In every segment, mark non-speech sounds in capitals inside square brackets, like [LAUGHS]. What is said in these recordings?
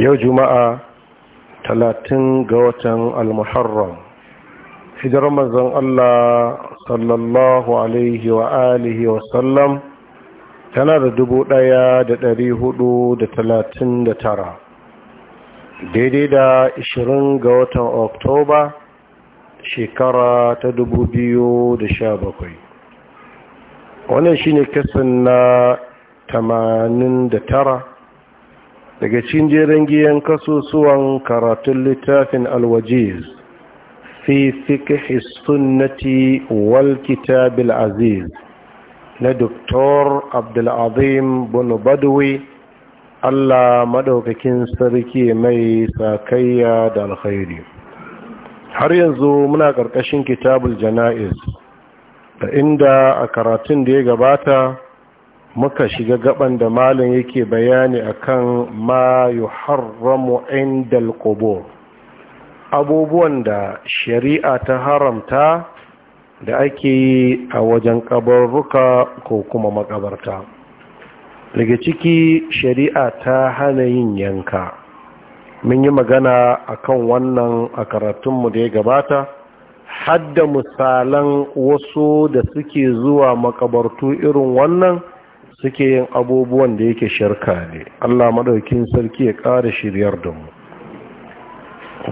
yau juma'a talatin ga watan almuharram hijirar mazan Allah sallallahu alaihi wa alihi wa sallam tana da dubu ɗaya da dari hudu da talatin da tara daidai da ishirin ga watan oktoba shekara ta dubu biyu da sha bakwai wannan shine kasan na tamanin da tara daga cikin jerin giyan kasusuwan karatun littafin alwajiz fi fiƙe sunnati wal kitabil aziz na doktor abdulazim bin allah Maɗaukakin sarki mai sakayya da alkhairi har yanzu muna ƙarƙashin kitabul jana'iz da inda a karatun da ya gabata muka shiga gaban da malin yake bayani akan ma yuharramu indal qubur abubuwan da shari'a ta haramta da ake yi a wajen kabarruka ko kuma makabarta daga ciki shari'a ta hana yin yanka mun yi magana akan wannan a karatunmu da ya gabata hadda misalan wasu da suke zuwa makabartu irin wannan suke yin abubuwan da yake shirka ne Allah madaukin sarki ya ƙara shiryar da mu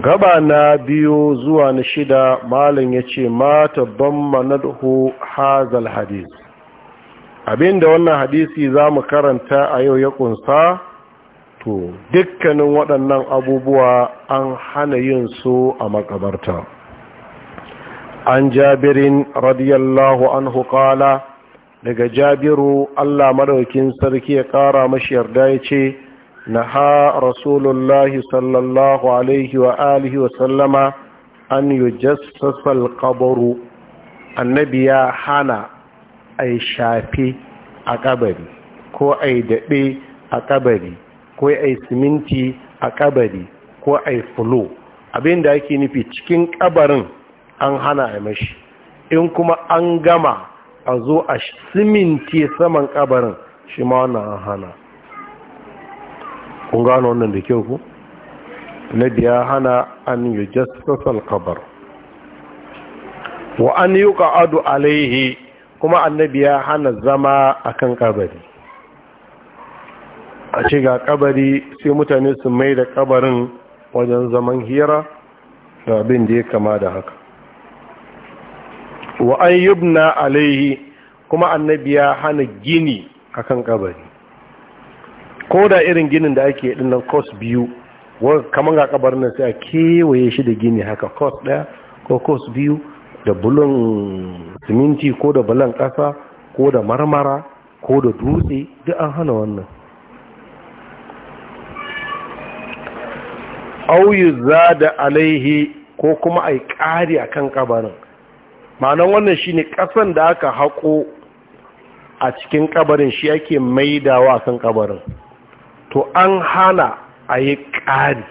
gaba na biyu zuwa na shida malam ya ce mata ban manadhu hazal hadis abinda wannan hadisi za mu karanta a yau ya kunsa to dukkanin waɗannan abubuwa an hana yin su a makabarta an jabirin radiyallahu anhu qala daga jabiru Allah madaukin sarki ya ƙara mashi yarda ya ce na ha rasulullahi sallallahu alaihi wa alihi wa sallama an yi jassasal kabaru annabi ya hana a shafe a kabari ko a yi daɓe a kabari ko a yi siminti a kabari ko a yi fulo da ake nufi cikin kabarin an hana a mashi in kuma an gama a zo a siminti saman kabarin shi ma wannan hana kun gano wannan da kyau ku na biya hana an yi jasasal kabar wa an yi ka'adu alaihi kuma annabi ya hana zama akan kabari a ce ga kabari sai mutane su mai da kabarin wajen zaman hira da abin da ya kama da haka wa an yubna alaihi kuma annabi ya hana gini akan kabari ko da irin ginin da ake nan kos biyu kamar ga kabarin nan sai a kewaye shi da gini haka kos daya ko kos biyu da bulon siminti ko da bulon kasa ko da marmara ko da dutse duk an hana wannan auyu za da alaihi ko kuma a yi ƙari a kan ƙabarin ma'anan wannan shi ne ƙasan da aka haƙo a cikin ƙabarin shi ake maidawa kan ƙabarin to an hana a yi ƙari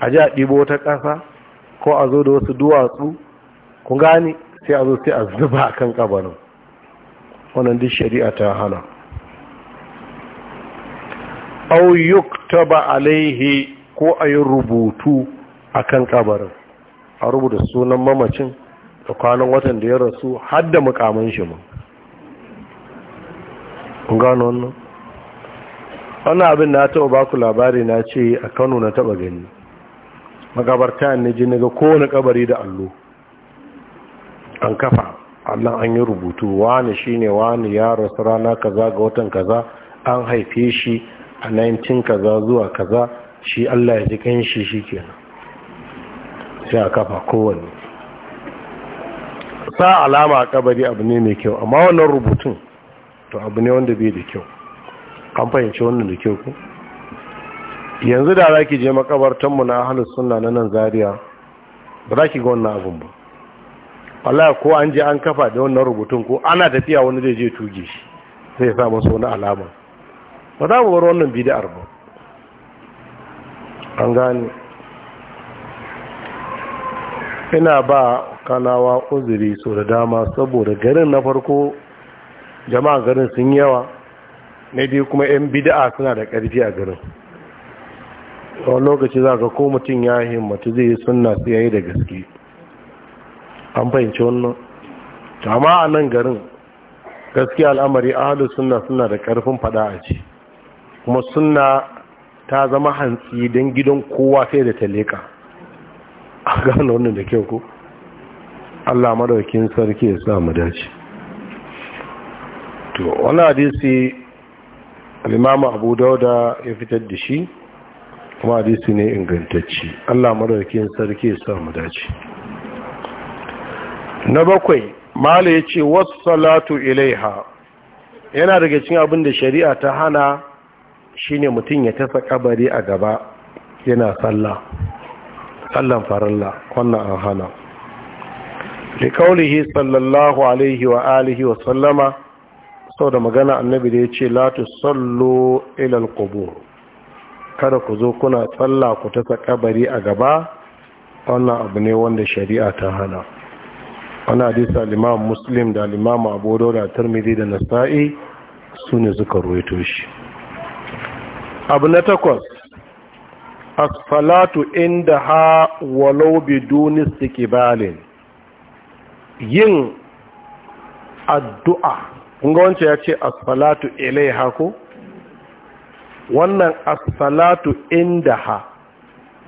a ji a ɗibo ta ƙasa ko a zo da wasu duwatsu ku gane sai a zo sai a zuba a kan ƙabarin wannan duk shari'a ta hana au ta ba alaihe ko a yi rubutu a kan ƙabarin a rubuta sunan mamacin da kwanan watan da ya rasu har da mukamin shi Mun gano wannan wannan abin na taɓa baku labari na ce a kano na taɓa gani magabarta ne ji na ga kowane kabari da allo an kafa allon an yi rubutu wani shine wani ya rasu rana kaza ga watan kaza an haife shi a 19 kaza zuwa kaza shi allah ya ji kan shi shi kenan sai a kafa kowanne sa alama a kabari abu ne mai kyau amma wannan rubutun to abu ne wanda bai da kyau an fahimci wannan da kyau ku yanzu da za ki je makabartanmu na ahalus suna na nan zariya, ba za ki ga wannan abin ba Allah ko an je an kafa da wannan rubutun ko ana tafiya wani zai je tuge shi sai ya sa masa wani alama ba za mu bar wannan bidi'ar ba an gane ina ba kanawa uzuri so da dama saboda garin na farko jama'a garin sun yawa na biyu kuma 'yan bida'a suna da ƙarfi a garin wani lokaci za ka ko mutum ya himmatu zai yi sunna su yayi da gaske an fahimci wannan amma a nan garin gaske al'amari ahalus sunna suna da ƙarfin fada a ce kuma sunna ta zama hantsi don gidan kowa sai da ta leƙa a gane wannan da kyau ko Allah madaukin sarki ya sa mu dace to wani hadisi al Abu Dauda ya fitar da shi kuma hadisi ne ingantacci Allah madaukin sarki ya sa mu dace na bakwai mala ya ce wasu salatu ilaiha yana daga cin abin da shari'a ta hana shine mutum ya tasa kabari a gaba yana sallah sallan farilla wannan an hana li kaulihi sallallahu alaihi wa alihi wa sallama sau da magana annabi da ya ce latu sallo ilal qubur kada ku zo kuna tsalla ku tasa kabari a gaba wannan abu ne wanda shari'a ta hana wani hadisa limam muslim da limam abu da tarmidi da nasa'i su ne suka ruwaito shi abu na takwas asfalatu inda ha walau biduni balin, yin addu'a kun wancan ya ce asfalatu ilai ilaiha ko wannan asfalatu inda ha,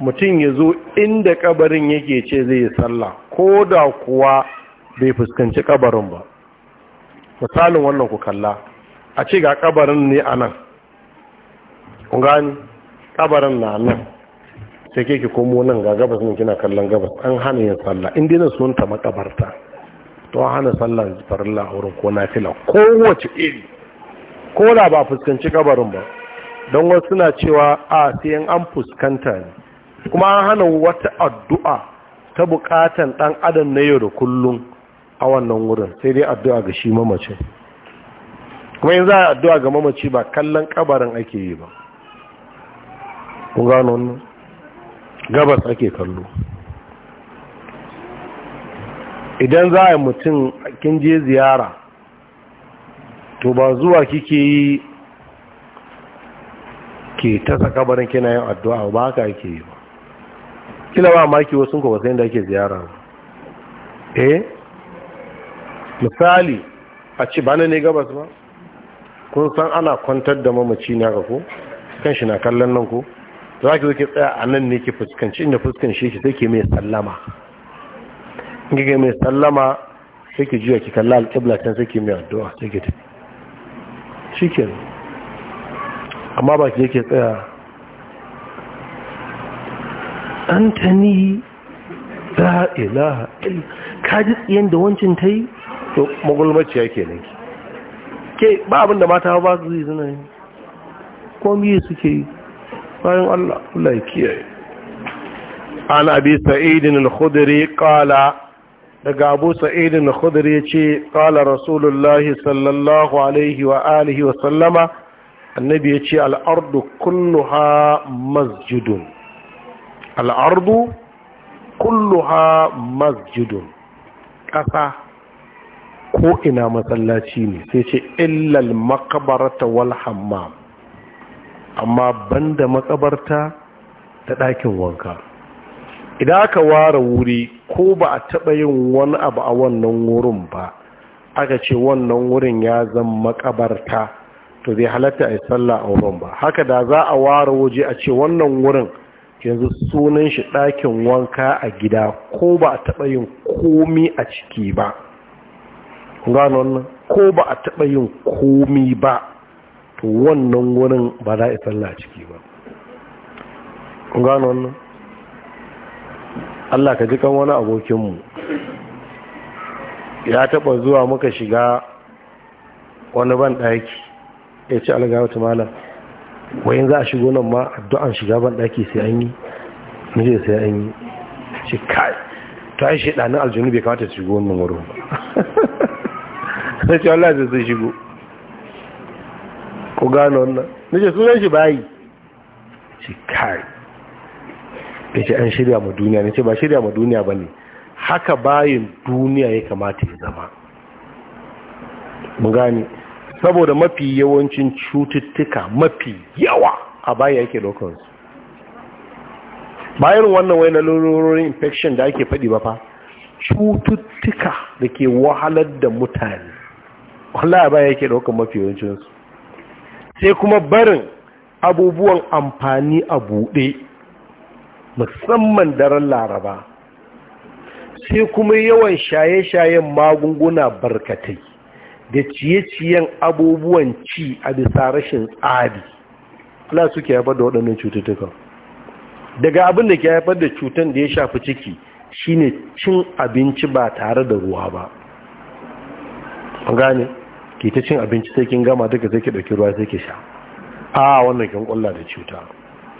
mutum ya zo inda kabarin yake ce zai yi sallah ko da kuwa bai fuskanci kabarin ba misalin wannan ku kalla a ce ga kabarin ne a nan kun kabarin na nan sai ke ki komo nan ga gabas nan kina kallon gabas an hana yin sallah in dai sun ta makabarta to hana sallah farilla a wurin ko fila kowace iri ko da ba fuskanci kabarin ba don wasu suna cewa a sai an fuskanta ne kuma an hana wata addu'a ta bukatan dan adam na yau da kullum a wannan wurin sai dai addu'a ga shi mamacin kuma yin za a addu'a ga mamaci ba kallon kabarin ake yi ba kun gano wannan gabas ake kallo idan za a yi mutum kin je ziyara to ba zuwa kike yi ke ta saka barin kina yin addu'a ba haka ake yi ba kila ba maki wasu ko wasu inda ake ziyara eh misali a ci ba ne gabas ba kun san ana kwantar da mamaci na ga ko kan shi na kallon nan ko za ki zo ki tsaya a nan ne ki fuskanci inda fuskanci ki sai ki mai sallama in mai sallama sai ki juya ki kalla alƙibla can sai ki mai addu'a sai ki tafi shi ke amma ba ki yake tsaya antani la ilaha illa ka ji tsiyan da wancin ta yi to magulmaciya ke nan ke ba abinda mata ba su yi suna yi komi suke yi bayan Allah Allah ya kiyaye an abi sa'idin al-khudri qala daga abu sa'idin al-khudri yace qala rasulullah sallallahu alaihi wa alihi wa sallama annabi yace al-ardu kulluha masjidun al-ardu kulluha masjidun kafa ko ina masallaci ne sai ce illal maqbarata wal hammam amma banda makabarta da ɗakin wanka idan aka ware wuri ko ba a taɓa yin wani abu a wannan wurin ba aka ce wannan wurin ya zama makabarta to zai halatta a yi sallah a wurin ba haka da za a ware waje a ce wannan wurin yanzu sunan shi ɗakin wanka a gida ko ba a taɓa yin komi a ciki ba ko ba a taɓa yin komi ba to wannan wurin ba za a sallah ciki ba kun gano wannan Allah ka ji kan wani abokinmu ya taɓa zuwa muka shiga wani ban ɗaki ya ce algawata malam wayin za a shigo nan ma addu'an shiga ban ɗaki sai an yi nije sai an yi ce kai ta yi shaɗanin aljanu bai kamata shigo wannan wurin ba [LAUGHS] sai ce Allah zai shigo ko gano wannan nace sunan shi bayi shi kai yace an shirya ma duniya nace ba shirya ma duniya bane haka bayin duniya ya kamata ya zama mu gane saboda mafi yawancin cututtuka mafi yawa a baya yake su. bayan wannan wai na lururin infection da ake faɗi ba fa cututtuka da ke wahalar da mutane wahala a baya yake lokacin mafi yawancinsu sai kuma barin abubuwan amfani a buɗe musamman daren laraba sai kuma yawan shaye-shayen magunguna barkatai da ciye-ciyen abubuwan ci a bisa rashin tsari ala suke haifar da waɗannan cututtukan daga abin da ke haifar da cutar da ya shafi ciki shine cin abinci ba tare da ruwa ba gane ki ta cin abinci sai kin gama duka sai ki ɗauki ruwa sai ki sha a wannan kin ƙulla da cuta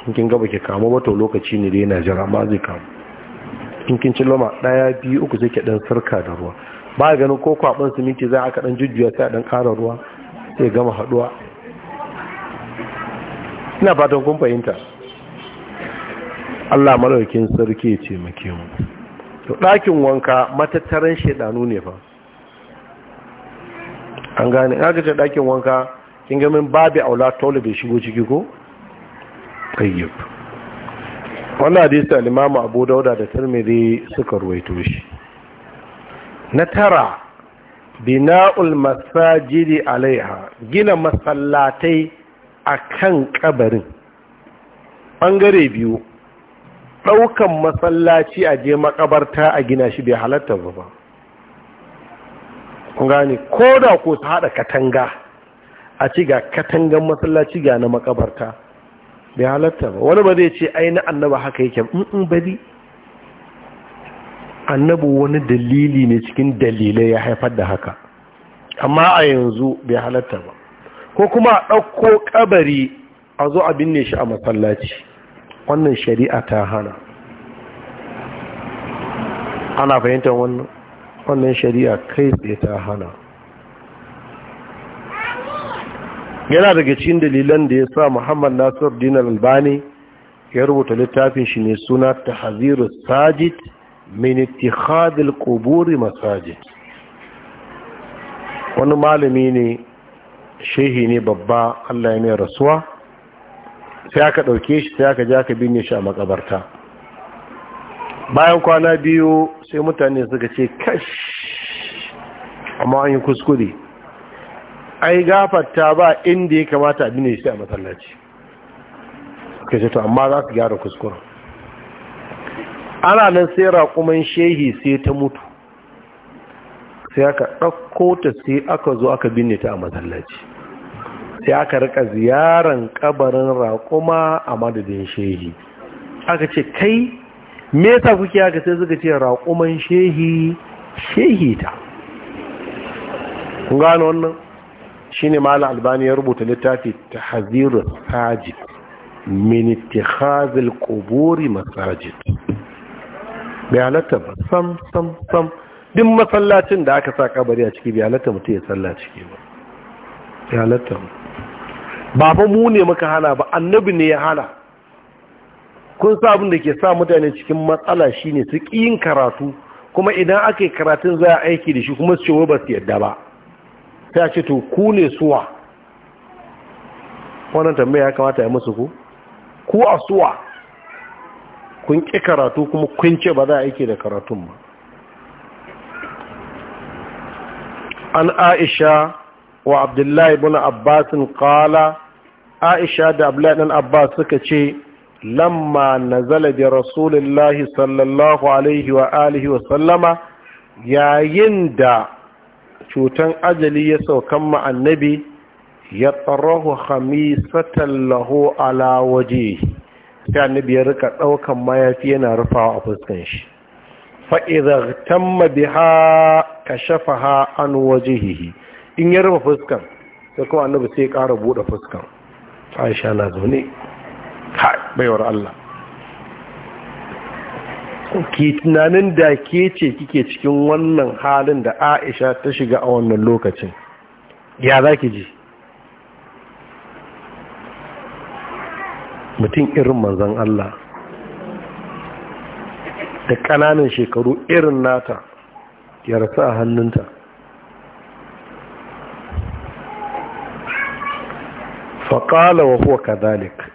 in kin gaba ki kamo wato lokaci ne da yana jira amma zai kamo in kin ci lama, ɗaya biyu uku sai ki ɗan sarka da ruwa ba ganin ko kwaban siminti za a kaɗan jujjuya sai a ɗan ƙara ruwa sai gama haɗuwa ina fatan kun fahimta Allah malaukin sarki ya ce make mu to ɗakin wanka matattaran shedanu ne fa an gane in aka ce ɗakin wanka kin gamin babu aula tola bai shigo ciki ko tayyib wannan hadisi al-imam Abu Dauda da Tirmidhi suka ruwaito shi na tara bina'ul masajidi alaiha gina masallatai a kan kabarin bangare biyu ɗaukan masallaci a je makabarta a gina shi bai halatta ba kun gane ko da ko ta haɗa katanga a ci ga katangan masallaci ga na makabarta bai halatta ba wani ba zai ce aini annaba haka yake in bari annabu wani dalili ne cikin dalilai ya haifar da haka amma a yanzu bai halatta ba ko kuma a ɗauko ƙabari a zo a binne shi a masallaci wannan shari'a ta hana ana fahimtar wannan wannan shari'a kai tsaye ta hana yana daga cikin dalilan da ya sa muhammad nasir dinar albani ya rubuta littafin shi ne suna ta haziru sajid min tihadil kuburi masajid wani malami ne shehi ne babba Allah ya mai rasuwa sai aka ɗauke shi sai aka ja ka binne shi a makabarta bayan kwana biyu sai mutane suka ce kash amma an yi kuskure ai gafarta ba inda ya kamata abin da ya shi a matsalaci suka ce to amma za su gyara kuskuren ana nan sai raƙuman shehi sai ta mutu sai aka ɗauko ta sai aka zo aka binne ta a matsalaci sai aka rika ziyaran ƙabarin raƙuma a madadin shehi aka ce kai me yasa kuke haka sai suka ce raƙuman shehi shehi ta gano wannan Shi ne ma'ala albani ya rubuta littafi tahzirus sajid miniti ittikhazil ƙobori masajid bai halatta ba sam sam sam din masallacin da aka sa kabari a ciki bai halatta mutum ya tsalla ciki ba bai halatta ba ba mu ne muka hana ba annabi ne ya hana kun sa abin da ke sa mutane cikin matsala shine su yin karatu kuma idan aka yi karatun za a aiki da shi kuma su cewa ba su yadda ba Ta ce to ku ne suwa wannan tambaya ya kamata ya musu ku ku a suwa kun ƙi karatu kuma kun ce ba za a aiki da karatun ba an aisha wa abdullahi bin abbasin kala aisha da abdullahi dan abbas suka ce lamma nazala bi rasulillahi sallallahu alaihi wa alihi wa sallama yayin da cutan ajali ya saukan ma annabi ya tsarahu khamisatan lahu ala waje sai annabi ya rika daukan mayafi yana rufawa a fuskan shi fa idza tamma biha kashafaha an wajhihi in ya rufe fuskan sai kuma annabi sai ya ƙara buɗe fuskan Aisha na zaune baiwar Allah ke tunanin da ke ce kike cikin wannan halin da Aisha ta shiga a wannan lokacin ya za ki ji mutum irin manzan Allah da ƙananan shekaru irin nata ya rasu a hannunta faƙala wa huwa kazalik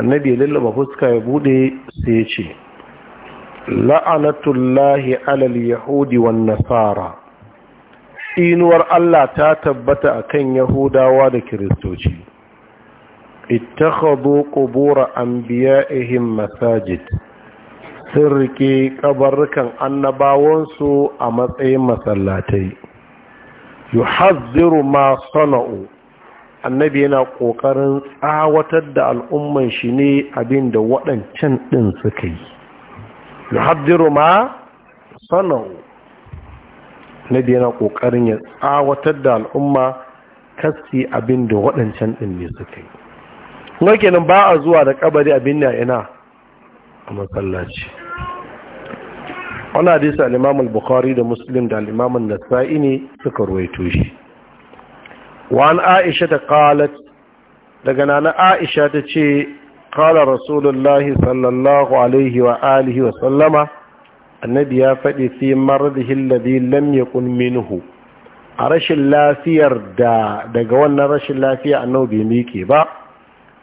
annabi ya lallaba fuska ya bude sai ya ce la'anatullahi alal yahudi wan nasara inuwar Allah ta tabbata akan yahudawa da kiristoci ittakhadhu qubur anbiya'ihim masajid sun riƙe kabarrukan annabawansu a matsayin masallatai yuhazziru ma sana'u annabi yana ƙoƙarin tsawatar da al'umman shi ne abin da waɗancan ɗin suka yi yuhaddiru ma sanau annabi yana ƙoƙarin ya tsawatar da al'umma kasi abin da waɗancan ɗin ne suka yi kuma kenan ba a zuwa da ƙabari abin da ina a masallaci wani hadisa al'imamul bukhari da muslim da al'imamul nasa'i ne suka ruwaito shi وعن daga nana Aisha عائشة تشي قال رسول الله صلى الله عليه وآله وسلم النبي يا فدي في مرضه الذي لم يكن منه a rashin lafiyar da daga wannan rashin lafiya annabi bai miƙe ba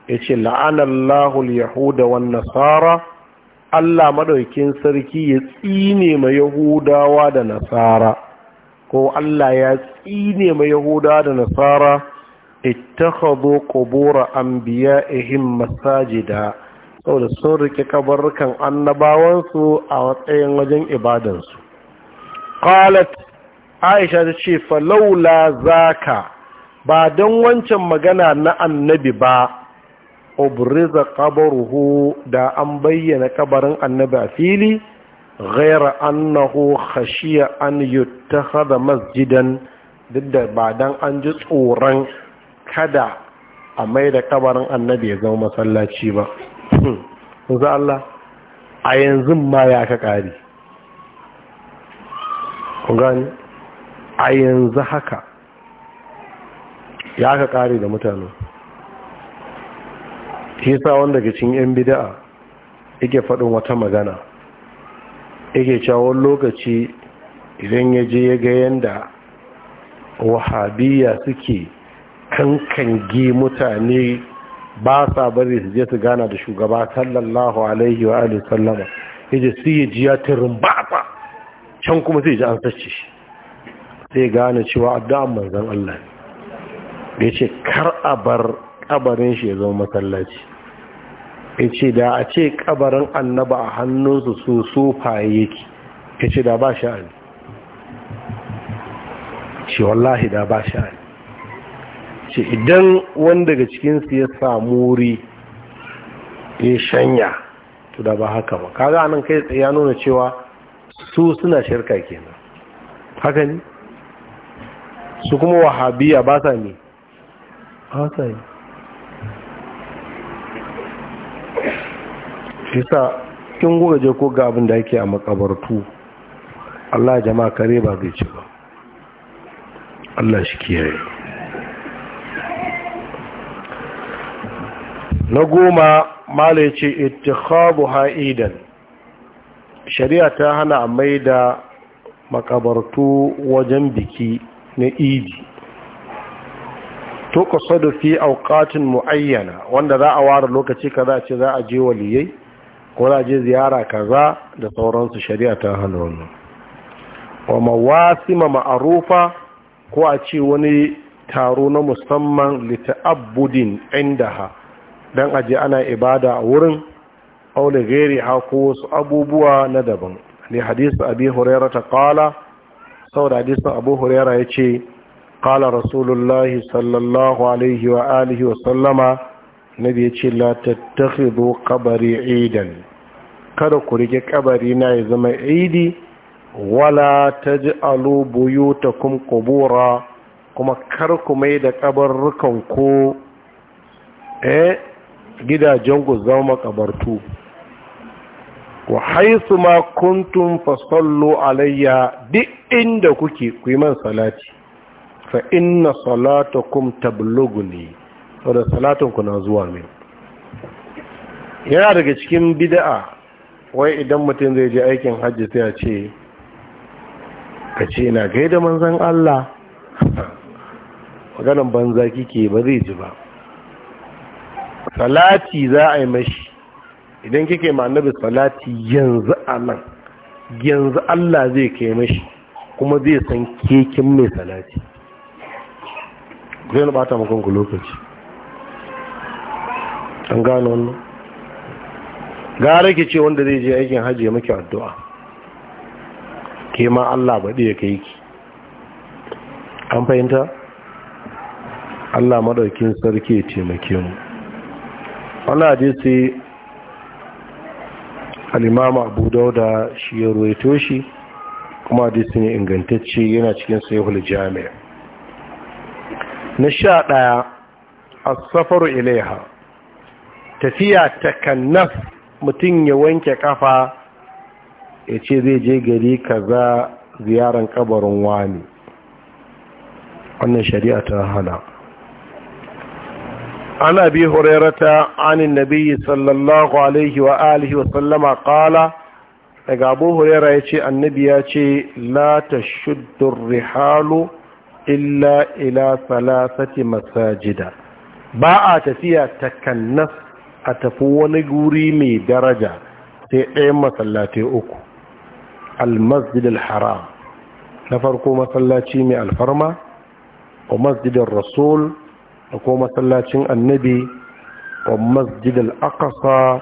ya ce al-yahuda nasara Allah madaukin sarki ya tsine ma yahudawa da nasara ko Allah ya tsine mai yahuda da nasara ittakhadhu qubur anbiya'ihim masajida saboda sun rike annabawan annabawansu a matsayin wajen ibadansu qalat aisha ta ce falaula zaka ba don wancan magana na annabi ba ubriza qabruhu da an bayyana kabarin annabi a fili ghaira annahu khashiya an yuttakhadha masjidan duk da ba dan an ji tsoron kada a maida da kabarin annabi ya zama masallaci ba za Allah a yanzu ma ya ka kari gani a yanzu haka ya ka kare da mutane sa wanda ke cin yan bida'a yake faɗin wata magana yake cewa lokaci idan ya je ya ga yanda wahabiya suke kankange mutane ba sa bari su je su gana da shugaba sallallahu alaihi wa alihi sallama yaje su yi jiya tirin ba can kuma sai ji an sace shi sai gane cewa addu'an manzon Allah ne da yace kar a bar kabarin shi ya zama masallaci in ce da a ce kabarin annaba a hannunsu su sofa yake ya ce da ba sha'ani ce wallahi da ba sha'ani ce idan wani daga cikinsu ya samu wuri ya shanya to da ba haka ba kaga anan kai tsaye ya nuna cewa su suna shirka kenan haka ne su kuma wahabiya ba sa ne ba sa ne yasa kin kuka je ko ga abin da ake a makabartu Allah jama'a kare ba zai ci ba Allah shi kiyaye na goma mala ya ce ittihabu ha'idan shari'a ta hana a maida makabartu wajen biki na idi to da fi aukatin muayyana wanda za a ware lokaci kaza ce za a je waliyai ko za je ziyara kaza da sauransu shari'a ta hana wannan wa mawasima ma'arufa ko a ce wani taro na musamman lita'abbudin indaha dan aji ana ibada a wurin aule gari gairi ha ko wasu abubuwa na daban ne hadisu abu hurairah ta sau saboda hadisin abu ya yace kala rasulullahi sallallahu alaihi wa alihi wa nabi ya ce la zo kabari idan kada ku rike kabari na ya zama idi wala ta ji ta kum kubura kuma kar ku mai da kabarrukan ku eh gidajen ku zama makabartu. wa haisu ma kuntun fasallo alayya duk inda kuke ku yi man salati fa inna salatakum ne wadda ku na zuwa min yana daga cikin bida'a wai idan mutum zai je aikin hajji sai a ce ka ce na gaida manzan Allah maganin banza kike ba zai ji ba salati za a yi mashi idan kike ma salati yanzu a nan yanzu Allah zai kai mashi kuma zai san kekin mai salati zai nubata bata makonku lokaci an gano wannan gara ki ce wanda zai je aikin hajji ya maki addu'a ke ma Allah baɗi ya kai ki an fahimta Allah maɗaukin sarki ya taimake mu wannan hadisi sai alimama Abu Dauda shi ya ruwaito shi kuma sun yi ingantacce yana cikin hul jami'a. na sha ɗaya a safaru ilaiha tafiya ta kannaf mutum ya wanke kafa ya ce zai je gari kaza ziyaran kabarin wani wannan shari'a ta hana an bi hurairata anin nabi sallallahu alaihi wa alihi wa sallama kala daga abu huraira ya ce annabi ya ce la shuddun rihalu illa ila salasati masajida ba a tafiya kannaf a tafi wani guri mai daraja sai ɗayan masallatai uku almasjid al-haram na farko masallaci mai alfarma wa masjidin rasul da kuma masallacin annabi wa masjid al-aqasa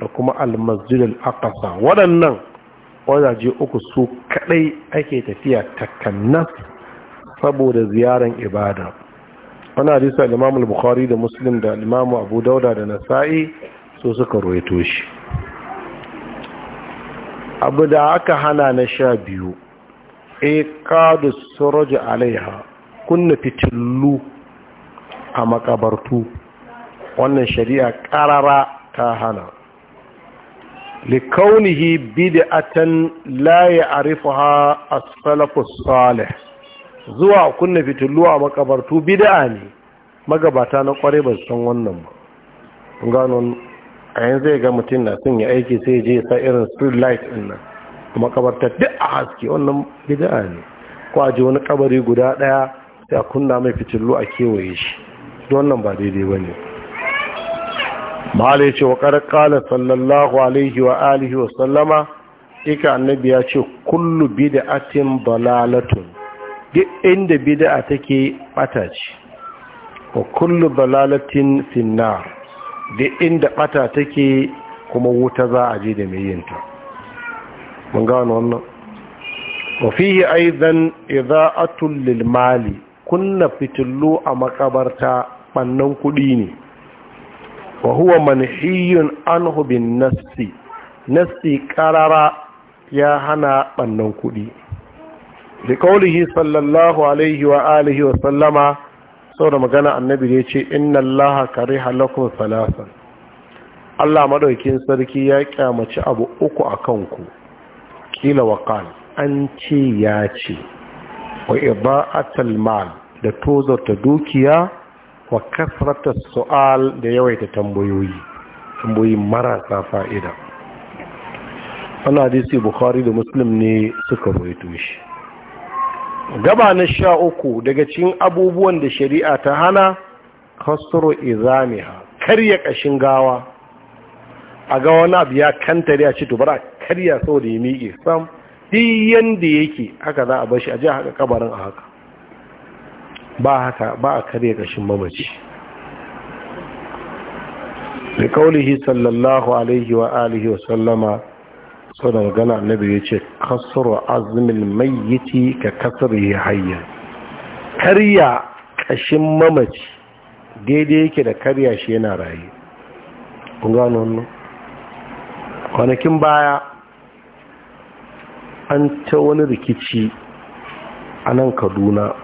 da kuma al-masjid aqasa waɗannan wajaje uku su kaɗai ake tafiya takannas saboda ziyaran ibada wani hadisa al-imam bukhari da muslim da Limamu abu dauda da nasa'i so suka ruwaito shi abu da aka hana na sha biyu E-Qadus iqadu suraj alaiha kunna fitilu a makabartu wannan shari'a karara ta hana likaunihi bid'atan la ya'rifuha a salafus salih zuwa kunna fitullu a makabartu bid'a ne magabata na kware ba san wannan ba gano a yanzu ga mutum na sun yi aiki sai je sa irin street light din nan makabarta duk a haske wannan bid'a ne ko a ji wani kabari guda daya sai a kunna mai fitullu a kewaye shi wannan ba daidai bane ne ce wa ƙarƙala sallallahu alaihi wa alihi wa sallama ika annabi ya ce kullu bid'atin dalalatun duk inda bid'a take bata ce wa kullu dalalatin finnar duk inda bata take kuma wuta za a je da mai yinta mun ga wannan wa fihi aidan idha'atul lil mali kunna fitullu a makabarta bannan kudi ne wa huwa manhiyun anhu bin nafsi nafsi qarara ya hana bannan kudi da kaulihi sallallahu alaihi wa alihi wa sallama sau da magana annabi ya ce inna Allah kare halakun salasan Allah maɗaukin sarki ya kyamaci abu uku a kanku kila waƙal an ce ya ce wa iba'atal mal da tozarta dukiya wa kasratar su'al da yawaita tambayoyi tambayoyi marasa fa'ida ana hadisi bukhari da muslim ne suka bai shi gaba na sha uku daga cikin abubuwan da shari'a ta hana kasuro izamiha karya kashin gawa a ga wani abu ya kantare a ci tubara karya saboda ya miƙe sam duk yanda yake haka za a bashi a ji a haka kabarin a haka ba haka ba a karya kashin mamaci da kaulihi sallallahu alaihi wa alihi wa sau da magana annabi ya ce kasuru azumin mayyiti ka kasuru ya hayya karya kashin mamaci daidai yake da karya shi yana raye kun gano kwanakin baya an ta wani rikici a nan kaduna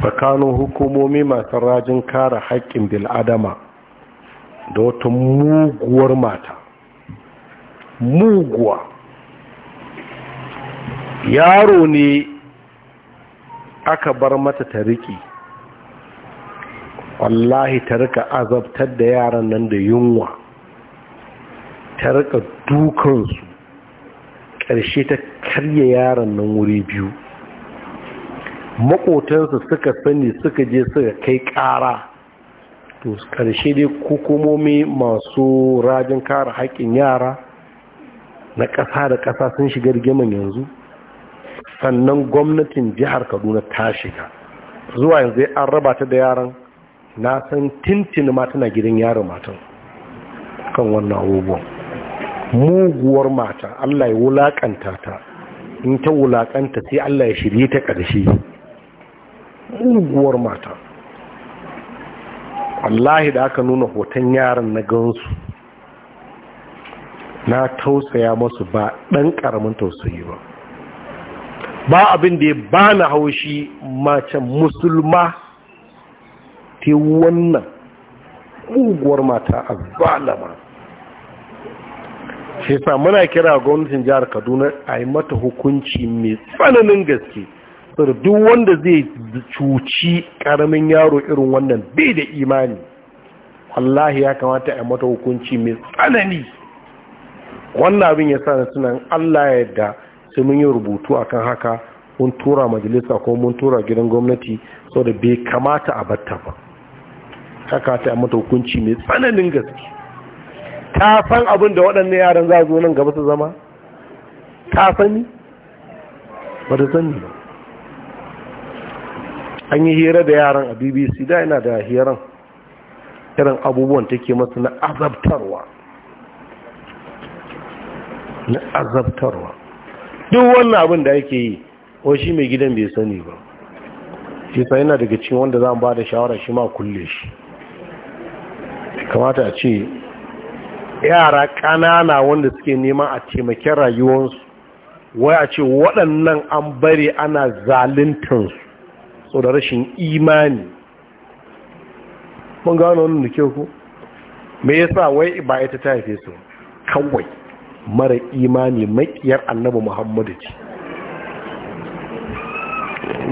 tsakanin hukumomi masu rajin kare haƙƙin bil'adama da wata muguwar mata muguwa yaro ne aka bar mata ta riƙe wallahi ta rika azabtar da yaran nan da yunwa ta rika dukansu ƙarshe ta karya yaran nan wuri biyu makotansu suka sani suka je suka kai ƙara to ƙarshe dai hukumomi masu rajin kare haƙƙin yara na ƙasa da ƙasa sun shiga rigiman yanzu sannan gwamnatin jihar kaduna ta shiga zuwa yanzu an raba ta da yaran na san tintin ma tana gidan yaro matan kan wannan abubuwan muguwar mata allah ya wulaƙanta ta in ta wulaƙanta sai allah ya shirye ta ƙarshe muguwar mata wallahi da aka nuna hoton yaran na gansu na tausaya masu ba ɗan ƙaramin tausayi ba ba abin da ya ba na haushi macen musulma ta wannan ƙuguwar mata a zalama shi sa muna kira gwamnatin jihar kaduna a yi mata hukunci mai tsananin gaske sau duk wanda zai cuci ƙaramin yaro irin wannan bai da imani wallahi ya kamata a yi mata hukunci mai tsanani wannan abin ya sa na sunan allah ya yadda sai mun yi rubutu akan haka mun tura majalisa ko mun tura gidan gwamnati sau da bai kamata a batta ba haka ta yi mata hukunci mai tsananin gaske ta san abin da waɗannan yaran za zo nan gaba su zama ta sani ba da sani ba an yi hira da yaran a bbc da yana da hiran irin abubuwan take masu na azabtarwa na azabtarwa duk wannan abin da ake yi ko shi mai gidan bai sani ba shi sai yana daga cikin wanda za mu ba da shawara shi ma kulle shi kamata a ce yara ƙanana wanda suke nema a taimake rayuwarsu wai a ce waɗannan an bari ana zaluntansu sau da rashin imani mun gano wannan da kyau ku me yasa wai ba ita ta haife su kawai mara imani maƙiyar annabi muhammadu ce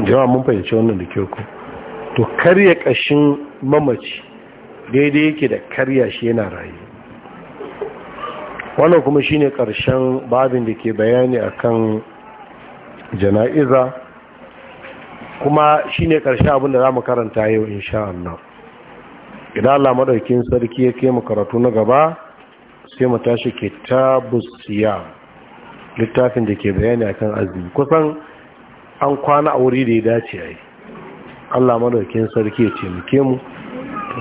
jama'a mun fahimci wannan da kyau to karya ƙashin mamaci daidai yake da karya shi yana raye, wannan kuma shine ƙarshen babin da ke bayani akan jana'iza kuma shine ƙarshen abin da za mu karanta yau in nan idan Allah madaukin sarki ya kai mu karatu na gaba sai mu tashi kitabus siyam littafin da ke bayani akan azumi kusan an kwana a wuri da ya dace ai, allah madaukin sarki ya taimake mu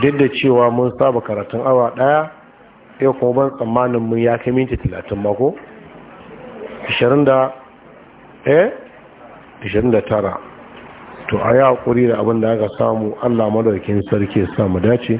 duk da cewa mun saba karatun awa daya ya kuma ban tsammanin mun ya kai minti talatin mako eh 29 to a yi haƙuri da abin da aka samu allah madaukin sarki ya samu dace